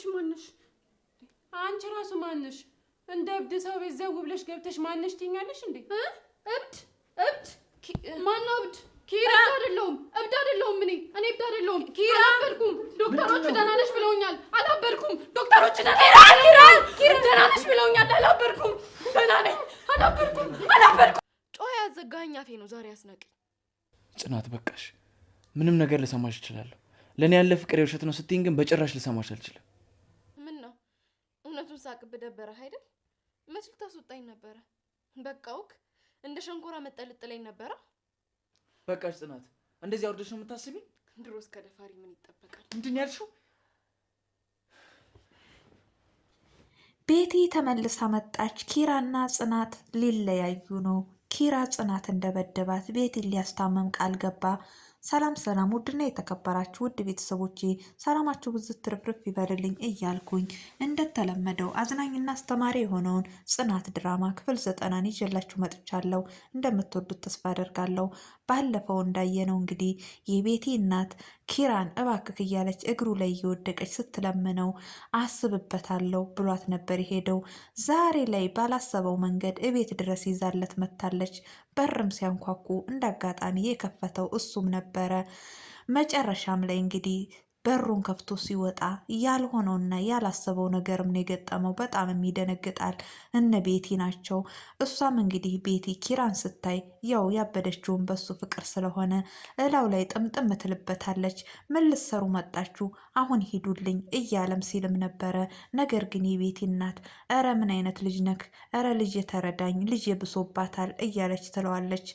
አንቺ ማነሽ? አንቺ ራሱ ማነሽ? እንደ እብድ ሰው ቤት ዘው ብለሽ ገብተሽ ማነሽ ትይኛለሽ እንዴ? እብድ እብድ ማነው እብድ? ኪራ አይደለሁም፣ እብድ አይደለሁም። እኔ እኔ እብድ አይደለሁም። ኪራ አላበድኩም። ዶክተሮቹ ደህና ነሽ ብለውኛል። አላበድኩም። ዶክተሮቹ ደህና ነሽ ብለውኛል። አላበልኩም። ደህና ነኝ። አላበልኩም፣ አላበድኩም። ጮኸ ያዘጋኸኝ አፌ ነው ዛሬ ያስነቀኝ። ጽናት በቃሽ። ምንም ነገር ልሰማሽ እችላለሁ። ለእኔ ያለ ፍቅር የውሸት ነው ስትይኝ ግን በጭራሽ ልሰማሽ አልችልም። እውነቱን ሳቅ ደበረህ አይደል? መች ልታስወጣኝ ነበረ? በቃ ውክ እንደ ሸንኮራ መጠልጥለኝ ነበረ። በቃሽ ጽናት፣ እንደዚህ አውርደሽ ነው የምታስቢኝ? ድሮስ ከደፋሪ ምን ይጠበቃል? ምንድን ነው ያልሽው? ቤቲ ተመልሳ መጣች። ኪራና ጽናት ሊለያዩ ነው። ኪራ ጽናት እንደበደባት ቤቲ ሊያስታመም ቃል ገባ። ሰላም ሰላም፣ ውድና የተከበራችሁ ውድ ቤተሰቦቼ ሰላማችሁ ብዙ ትርፍርፍ ይበልልኝ እያልኩኝ እንደተለመደው አዝናኝና አስተማሪ የሆነውን ጽናት ድራማ ክፍል ዘጠናን ይዤላችሁ መጥቻለሁ። እንደምትወዱት ተስፋ አደርጋለሁ። ባለፈው እንዳየነው እንግዲህ የቤቲ እናት ኪራን እባክክ እያለች እግሩ ላይ እየወደቀች ስትለምነው አስብበታለሁ ብሏት ነበር የሄደው። ዛሬ ላይ ባላሰበው መንገድ እቤት ድረስ ይዛለት መታለች። በርም ሲያንኳኩ እንዳጋጣሚ የከፈተው እሱም ነበረ። መጨረሻም ላይ እንግዲህ በሩን ከፍቶ ሲወጣ ያልሆነውና ያላሰበው ነገርም ነው የገጠመው። በጣም ይደነግጣል። እነ ቤቲ ናቸው። እሷም እንግዲህ ቤቲ ኪራን ስታይ ያው ያበደችውን በሱ ፍቅር ስለሆነ እላው ላይ ጥምጥም ትልበታለች። ምን ልትሰሩ መጣችሁ? አሁን ሂዱልኝ እያለም ሲልም ነበረ። ነገር ግን የቤቲ እናት እረ ምን አይነት ልጅ ነክ? እረ ልጅ የተረዳኝ ልጅ የብሶባታል እያለች ትለዋለች።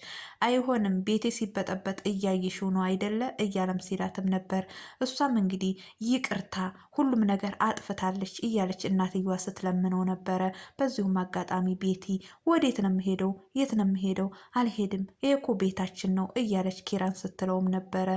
አይሆንም ቤቴ ሲበጠበጥ እያየሽው ነው አይደለ? እያለም ሲላትም ነበር እሷም እንግዲህ ይቅርታ ሁሉም ነገር አጥፍታለች እያለች እናትየዋ ስትለምነው ነበረ። በዚሁም አጋጣሚ ቤቲ ወዴት ነው የምሄደው? የት ነው የምሄደው? አልሄድም፣ ይሄ እኮ ቤታችን ነው እያለች ኪራን ስትለውም ነበረ።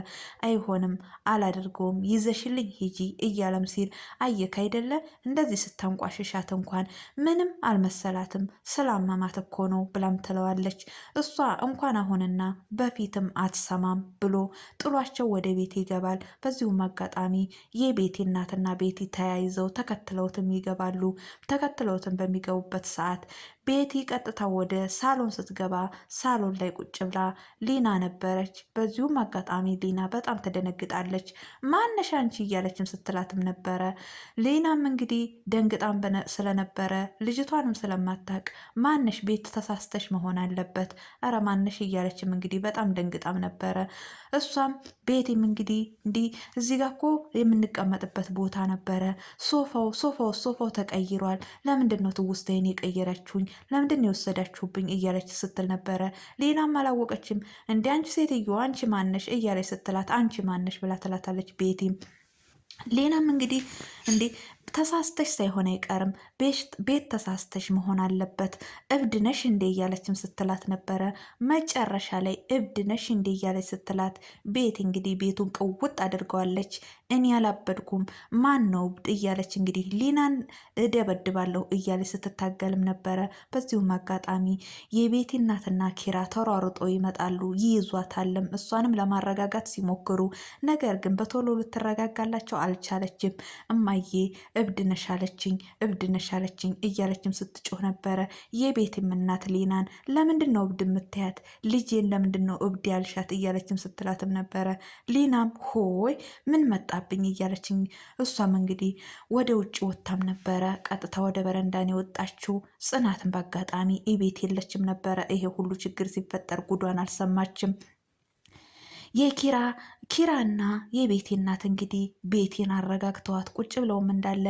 አይሆንም፣ አላደርገውም፣ ይዘሽልኝ ሂጂ እያለም ሲል አየክ አይደለ እንደዚህ ስታንቋሽሻት እንኳን ምንም አልመሰላትም፣ ስላመማት እኮ ነው ብላም ትለዋለች። እሷ እንኳን አሁንና በፊትም አትሰማም ብሎ ጥሏቸው ወደ ቤት ይገባል። በዚሁም አጋ አጋጣሚ የቤቲ እናትና ቤቲ ተያይዘው ተከትለውትም ይገባሉ። ተከትለውትም በሚገቡበት ሰዓት ቤቲ ቀጥታ ወደ ሳሎን ስትገባ ሳሎን ላይ ቁጭ ብላ ሊና ነበረች። በዚሁም አጋጣሚ ሊና በጣም ተደነግጣለች። ማነሽ አንቺ እያለችም ስትላትም ነበረ። ሊናም እንግዲህ ደንግጣም ስለነበረ ልጅቷንም ስለማታቅ ማነሽ ቤት ተሳስተሽ መሆን አለበት፣ ኧረ ማነሽ እያለችም እንግዲህ በጣም ደንግጣም ነበረ። እሷም ቤቲም እንግዲህ እንዲህ እዚህ ጋ እኮ የምንቀመጥበት ቦታ ነበረ። ሶፋው ሶፋው ሶፋው ተቀይሯል። ለምንድን ነው ትውስታዬን የቀየረችሁኝ? ለምንድን ነው የወሰዳችሁብኝ? እያለች ስትል ነበረ። ሌላም አላወቀችም። እንዲ አንቺ ሴትዮ አንቺ ማነሽ? እያለች ስትላት አንቺ ማነሽ ብላ ትላታለች ቤቲም ሌላም እንግዲህ እንዴ ተሳስተሽ ሳይሆን አይቀርም ቤት ተሳስተሽ መሆን አለበት፣ እብድ ነሽ እንዴ እያለችም ስትላት ነበረ። መጨረሻ ላይ እብድ ነሽ እንዴ እያለች ስትላት ቤት እንግዲህ ቤቱን ቅውጥ አድርገዋለች። እኔ አላበድኩም ማን ነው እብድ እያለች እንግዲህ ሊናን እደበድባለሁ እያለች ስትታገልም ነበረ። በዚሁም አጋጣሚ የቤቲ እናትና ኪራ ተሯርጦ ይመጣሉ፣ ይይዟታልም። እሷንም ለማረጋጋት ሲሞክሩ ነገር ግን በቶሎ ልትረጋጋላቸው አልቻለችም። እማዬ እብድ ነሽ አለችኝ፣ እብድ ነሽ አለችኝ እያለችም ስትጮህ ነበረ። የቤትም እናት ሊናን ለምንድን ነው እብድ የምትያት? ልጄን ለምንድን ነው እብድ ያልሻት? እያለችም ስትላትም ነበረ። ሊናም ሆይ ምን መጣብኝ እያለችኝ እሷም እንግዲህ ወደ ውጭ ወጥታም ነበረ። ቀጥታ ወደ በረንዳን የወጣችው ጽናትን በአጋጣሚ ቤት የለችም ነበረ። ይሄ ሁሉ ችግር ሲፈጠር ጉዷን አልሰማችም። የኪራ ኪራና የቤቴ እናት እንግዲህ ቤቴን አረጋግተዋት ቁጭ ብለውም እንዳለ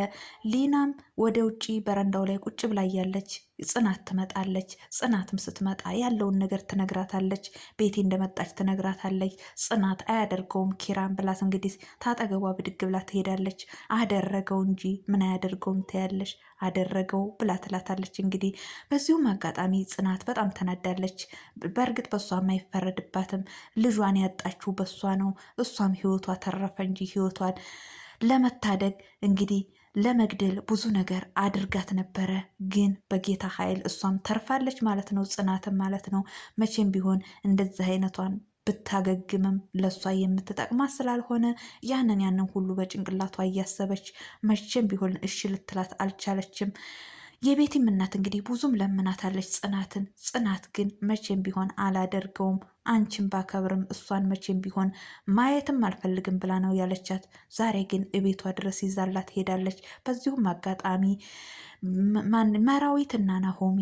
ሊናም ወደ ውጪ በረንዳው ላይ ቁጭ ብላ እያለች ጽናት ትመጣለች። ጽናትም ስትመጣ ያለውን ነገር ትነግራታለች። ቤቴ እንደመጣች ትነግራታለች። ጽናት አያደርገውም ኪራን ብላት እንግዲህ ታጠገቧ ብድግ ብላ ትሄዳለች። አደረገው እንጂ ምን አያደርገውም ትያለሽ፣ አደረገው ብላ ትላታለች። እንግዲህ በዚሁም አጋጣሚ ጽናት በጣም ተናዳለች። በእርግጥ በእሷ የማይፈረድባትም ልጇን ያጣችው በሷ ነው። እሷም ህይወቷ ተረፈ እንጂ ህይወቷን ለመታደግ እንግዲህ ለመግደል ብዙ ነገር አድርጋት ነበረ። ግን በጌታ ኃይል እሷም ተርፋለች ማለት ነው፣ ጽናትም ማለት ነው። መቼም ቢሆን እንደዚህ አይነቷን ብታገግምም ለእሷ የምትጠቅማት ስላልሆነ ያንን ያንን ሁሉ በጭንቅላቷ እያሰበች መቼም ቢሆን እሺ ልትላት አልቻለችም። የቤቲም እናት እንግዲህ ብዙም ለምናታለች ጽናትን። ጽናት ግን መቼም ቢሆን አላደርገውም፣ አንቺን ባከብርም እሷን መቼም ቢሆን ማየትም አልፈልግም ብላ ነው ያለቻት። ዛሬ ግን እቤቷ ድረስ ይዛላት ሄዳለች። በዚሁም አጋጣሚ መራዊትና ናሆሚ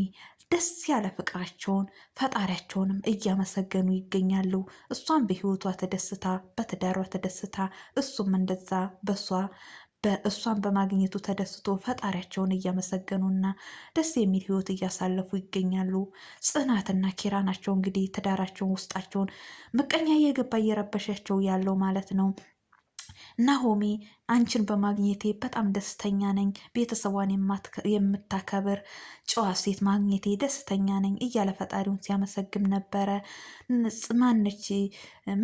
ደስ ያለ ፍቅራቸውን ፈጣሪያቸውንም እያመሰገኑ ይገኛሉ። እሷም በህይወቷ ተደስታ በትዳሯ ተደስታ እሱም እንደዛ በሷ በእሷን በማግኘቱ ተደስቶ ፈጣሪያቸውን እያመሰገኑና ደስ የሚል ህይወት እያሳለፉ ይገኛሉ። ጽናትና ኪራ ናቸው እንግዲህ ትዳራቸውን ውስጣቸውን ምቀኛ እየገባ እየረበሻቸው ያለው ማለት ነው። ናሆሜ አንቺን በማግኘቴ በጣም ደስተኛ ነኝ፣ ቤተሰቧን የምታከብር ጨዋ ሴት ማግኘቴ ደስተኛ ነኝ እያለ ፈጣሪውን ሲያመሰግም ነበረ። ማነች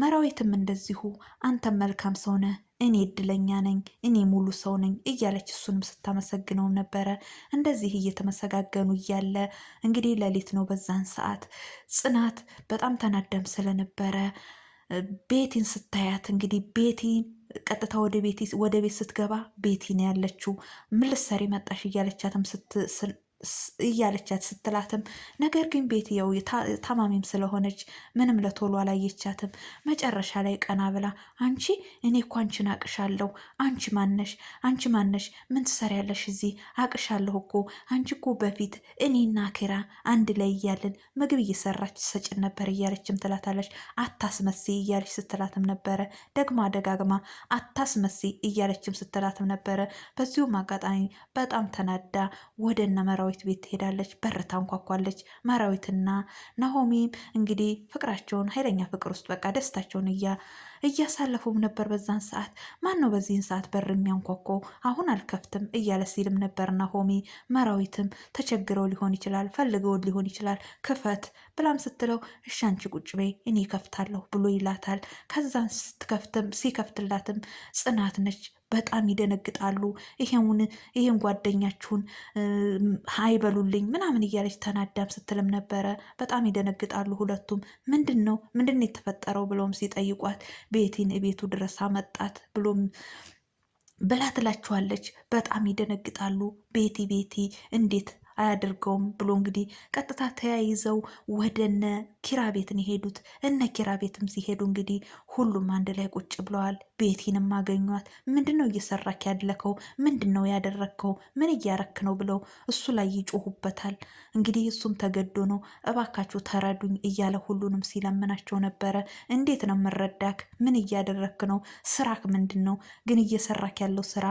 መራዊትም እንደዚሁ አንተም መልካም ሰው ነህ እኔ እድለኛ ነኝ፣ እኔ ሙሉ ሰው ነኝ እያለች እሱንም ስታመሰግነውም ነበረ። እንደዚህ እየተመሰጋገኑ እያለ እንግዲህ ሌሊት ነው። በዛን ሰዓት ጽናት በጣም ተናደም ስለነበረ ቤቲን ስታያት እንግዲህ ቤቲን ቀጥታ ወደ ቤት ስትገባ ቤቲ ነው ያለችው። ምን ልትሰሪ መጣሽ እያለቻትም እያለቻት ስትላትም ነገር ግን ቤት የው ታማሚም ስለሆነች ምንም ለቶሎ አላየቻትም። መጨረሻ ላይ ቀና ብላ አንቺ እኔ እኮ አንቺን አቅሻለሁ፣ አንቺ ማነሽ? አንቺ ማነሽ? ምን ትሰሪያለሽ እዚህ? አቅሻለሁ እኮ አንቺ እኮ በፊት እኔና ኪራ አንድ ላይ እያልን ምግብ እየሰራች ሰጭን ነበር እያለችም ትላታለች። አታስመሲ እያለች ስትላትም ነበረ። ደግማ ደጋግማ አታስመሲ እያለችም ስትላትም ነበረ። በዚሁም አጋጣሚ በጣም ተናዳ ወደ እነ ማራዊት ቤት ትሄዳለች። በር ታንኳኳለች። ማራዊትና ናሆሚም እንግዲህ ፍቅራቸውን ኃይለኛ ፍቅር ውስጥ በቃ ደስታቸውን እያ እያሳለፉም ነበር። በዛን ሰዓት ማን ነው በዚህን ሰዓት በር የሚያንኳኮ? አሁን አልከፍትም እያለ ሲልም ነበር ናሆሚ። መራዊትም ተቸግረው ሊሆን ይችላል ፈልገውን ሊሆን ይችላል ክፈት ብላም ስትለው እሺ አንቺ ቁጭ በይ እኔ ከፍታለሁ ብሎ ይላታል። ከዛን ስትከፍትም ሲከፍትላትም ጽናት ነች በጣም ይደነግጣሉ። ይሄውን ይሄን ጓደኛችሁን አይበሉልኝ ምናምን እያለች ተናዳም ስትልም ነበረ። በጣም ይደነግጣሉ ሁለቱም። ምንድን ነው ምንድን ነው የተፈጠረው ብለውም ሲጠይቋት ቤቲን ቤቱ ድረስ አመጣት ብሎም ብላ ትላችኋለች። በጣም ይደነግጣሉ። ቤቲ ቤቲ እንዴት አያደርገውም ብሎ እንግዲህ ቀጥታ ተያይዘው ወደነ ኪራ ነው የሄዱት እነ ኪራ ቤትም ሲሄዱ እንግዲህ ሁሉም አንድ ላይ ቁጭ ብለዋል። ቤቲንም አገኟት። ምንድን ነው እየሰራክ ያለከው? ምንድን ነው ያደረግከው? ምን እያረክ ነው ብለው እሱ ላይ ይጮሁበታል። እንግዲህ እሱም ተገዶ ነው እባካችሁ ተረዱኝ እያለ ሁሉንም ሲለምናቸው ነበረ። እንዴት ነው የምረዳክ? ምን እያደረክ ነው? ስራክ ምንድን ነው ግን? እየሰራክ ያለው ስራ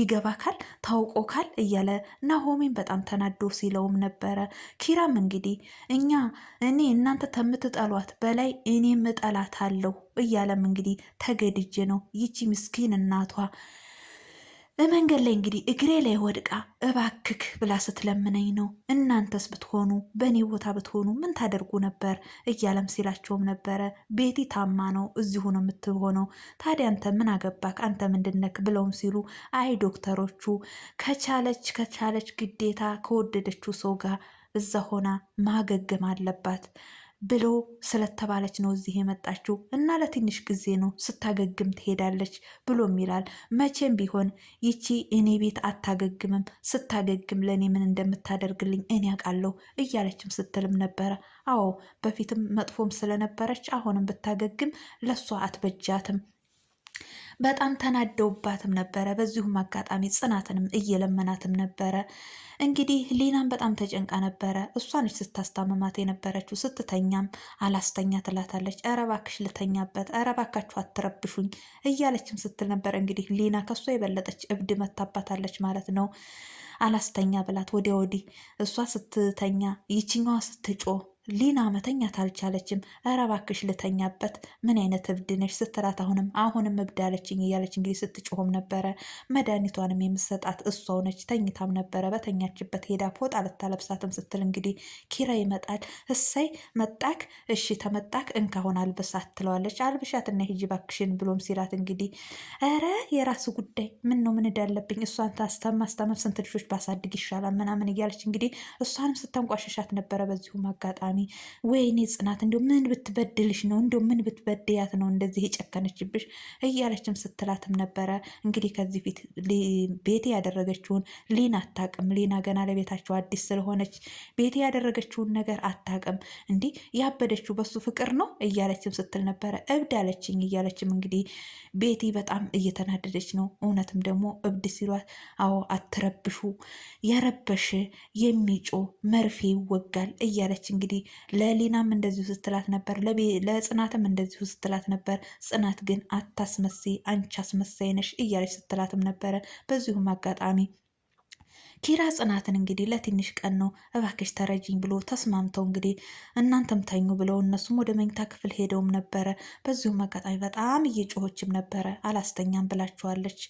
ይገባካል? ታውቆካል? እያለ ናሆሜን በጣም ተናዶ ሲለውም ነበረ። ኪራም እንግዲህ እኛ እኔ እናንተ ከምትጠሏት በላይ እኔም እጠላት አለው እያለም እንግዲህ ተገድጄ ነው ይቺ ምስኪን እናቷ በመንገድ ላይ እንግዲህ እግሬ ላይ ወድቃ እባክክ ብላ ስትለምነኝ ነው። እናንተስ ብትሆኑ በእኔ ቦታ ብትሆኑ ምን ታደርጉ ነበር? እያለም ሲላቸውም ነበረ። ቤቲ ታማ ነው እዚሁ ነው የምትሆነው። ታዲያ አንተ ምን አገባክ? አንተ ምንድነክ? ብለውም ሲሉ አይ ዶክተሮቹ ከቻለች ከቻለች ግዴታ ከወደደችው ሰው ጋር እዛ ሆና ማገገም አለባት ብሎ ስለተባለች ነው እዚህ የመጣችው እና ለትንሽ ጊዜ ነው ስታገግም ትሄዳለች ብሎም ይላል። መቼም ቢሆን ይቺ እኔ ቤት አታገግምም፣ ስታገግም ለእኔ ምን እንደምታደርግልኝ እኔ አውቃለሁ እያለችም ስትልም ነበረ። አዎ በፊትም መጥፎም ስለነበረች አሁንም ብታገግም ለእሷ አትበጃትም በጣም ተናደውባትም ነበረ። በዚሁም አጋጣሚ ጽናትንም እየለመናትም ነበረ። እንግዲህ ሊናም በጣም ተጨንቃ ነበረ። እሷነች ስታስታመማት የነበረችው። ስትተኛም አላስተኛ ትላታለች። ኧረ እባክሽ ልተኛበት፣ ኧረ እባካችሁ አትረብሹኝ እያለችም ስትል ነበረ። እንግዲህ ሊና ከሷ የበለጠች እብድ መታባታለች ማለት ነው። አላስተኛ ብላት ወዲያ ወዲህ እሷ ስትተኛ ይችኛዋ ስትጮህ ሊና መተኛት አልቻለችም። እረ እባክሽ ልተኛበት ምን አይነት እብድ ነሽ ስትላት አሁንም አሁንም እብድ አለችኝ እያለች እንግዲህ ስትጮሆም ነበረ። መድኃኒቷንም የምሰጣት እሷው ነች። ተኝታም ነበረ። በተኛችበት ሄዳ ፎጣ ልታለብሳትም ስትል እንግዲህ ኪራ ይመጣል። እሰይ መጣክ፣ እሺ ተመጣክ፣ እንካሁን አልብሳት ትለዋለች። አልብሻትና ሂጂ እባክሽን ብሎም ሲላት እንግዲህ ረ የራሱ ጉዳይ ምን ነው ምን እዳለብኝ እሷን ታስተማስተመም ስንት ልጆች ባሳድግ ይሻላል ምናምን እያለች እንግዲህ እሷንም ስተንቋሸሻት ነበረ በዚሁም አጋጣሚ በድጋሚ ወይኔ ጽናት እንዲ ምን ብትበድልሽ ነው እንዲ ምን ብትበድያት ነው እንደዚህ የጨከነችብሽ እያለችም ስትላትም ነበረ። እንግዲህ ከዚህ ፊት ቤቴ ያደረገችውን ሊን አታቅም። ሊና ገና ለቤታቸው አዲስ ስለሆነች ቤቴ ያደረገችውን ነገር አታቅም። እንዲህ ያበደችው በሱ ፍቅር ነው እያለችም ስትል ነበረ። እብድ አለችኝ እያለችም እንግዲህ ቤቲ በጣም እየተናደደች ነው። እውነትም ደግሞ እብድ ሲሏት፣ አዎ አትረብሹ፣ የረበሽ የሚጮ መርፌ ይወጋል እያለች እንግዲህ ለሊናም እንደዚሁ ስትላት ነበር፣ ለጽናትም እንደዚሁ ስትላት ነበር። ጽናት ግን አታስመሴ፣ አንቺ አስመሳይ ነሽ እያለች ስትላትም ነበረ። በዚሁም አጋጣሚ ኪራ ጽናትን እንግዲህ ለትንሽ ቀን ነው እባክሽ ተረጂኝ ብሎ ተስማምተው እንግዲህ እናንተም ተኙ ብለው እነሱም ወደ መኝታ ክፍል ሄደውም ነበረ። በዚሁም አጋጣሚ በጣም እየጮሆችም ነበረ። አላስተኛም ብላችኋለች።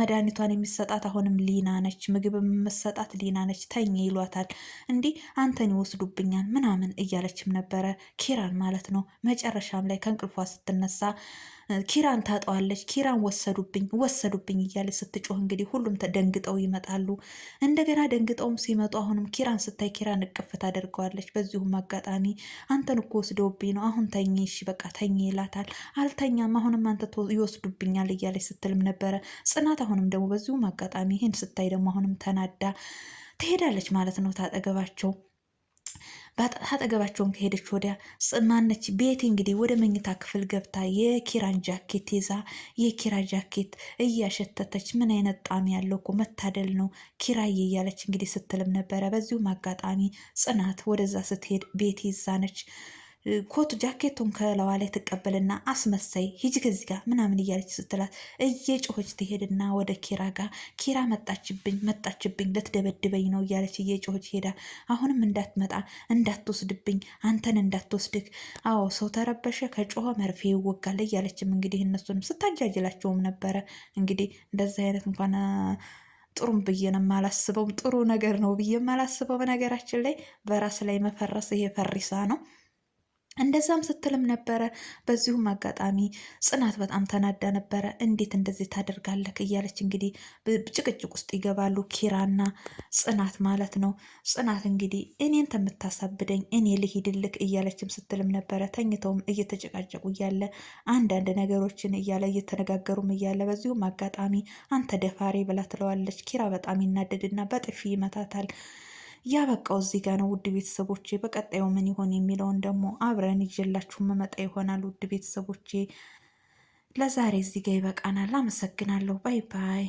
መድኃኒቷን የሚሰጣት አሁንም ሊና ነች። ምግብ የምሰጣት ሊና ነች። ተኝ ይሏታል። እንዲህ አንተን ይወስዱብኛል ምናምን እያለችም ነበረ ኪራን ማለት ነው። መጨረሻም ላይ ከእንቅልፏ ስትነሳ ኪራን ታጠዋለች፣ ኪራን ወሰዱብኝ ወሰዱብኝ እያለች ስትጮህ እንግዲህ ሁሉም ደንግጠው ይመጣሉ። እንደገና ደንግጠውም ሲመጡ አሁንም ኪራን ስታይ ኪራን እቅፍ ታደርገዋለች። በዚሁም አጋጣሚ አንተን እኮ ወስደውብኝ ነው አሁን ተኝ፣ እሺ በቃ ተኝ ይላታል። አልተኛም፣ አሁንም አንተ ይወስዱብኛል እያለች ስትልም ነበረ ጽናት። አሁንም ደግሞ በዚሁም አጋጣሚ ይህን ስታይ ደግሞ አሁንም ተናዳ ትሄዳለች ማለት ነው ታጠገባቸው አጠገባቸውን ከሄደች ወዲያ ማነች ቤቲ እንግዲህ ወደ መኝታ ክፍል ገብታ የኪራን ጃኬት ይዛ የኪራ ጃኬት እያሸተተች ምን አይነት ጣዕም ያለው እኮ መታደል ነው ኪራዬ እያለች እንግዲህ ስትልም ነበረ። በዚሁም አጋጣሚ ጽናት ወደዛ ስትሄድ ቤቲ ይዛነች ኮቱ ጃኬቱን ከለዋ ላይ ትቀበልና አስመሳይ ሂጅ ከዚህ ጋር ምናምን እያለች ስትላት እየጮኸች ትሄድና ወደ ኪራ ጋር ኪራ መጣችብኝ መጣችብኝ ልትደበድበኝ ነው እያለች እየጮኸች ሄዳ አሁንም እንዳትመጣ እንዳትወስድብኝ አንተን እንዳትወስድክ አዎ ሰው ተረበሸ ከጮኸ መርፌ ይወጋል እያለችም እንግዲህ እነሱንም ስታጃጅላቸውም ነበረ እንግዲህ እንደዚህ አይነት እንኳን ጥሩም ብዬ ነው የማላስበው። ጥሩ ነገር ነው ብዬ የማላስበው በነገራችን ላይ በራስ ላይ መፈረስ ይሄ ፈሪሳ ነው። እንደዛም ስትልም ነበረ። በዚሁም አጋጣሚ ጽናት በጣም ተናዳ ነበረ። እንዴት እንደዚህ ታደርጋለህ እያለች እንግዲህ ጭቅጭቅ ውስጥ ይገባሉ ኪራና ጽናት ማለት ነው። ጽናት እንግዲህ እኔን ተምታሳብደኝ እኔ ልሂድልክ እያለችም ስትልም ነበረ። ተኝተውም እየተጨቃጨቁ እያለ አንዳንድ ነገሮችን እያለ እየተነጋገሩም እያለ በዚሁም አጋጣሚ አንተ ደፋሬ ብላ ትለዋለች። ኪራ በጣም ይናደድና በጥፊ ይመታታል። ያበቃው እዚህ ጋር ነው ውድ ቤተሰቦቼ። በቀጣዩ ምን ይሆን የሚለውን ደግሞ አብረን ይዤላችሁ መመጣ ይሆናል። ውድ ቤተሰቦቼ ለዛሬ እዚህ ጋር ይበቃናል። አመሰግናለሁ። ባይ ባይ።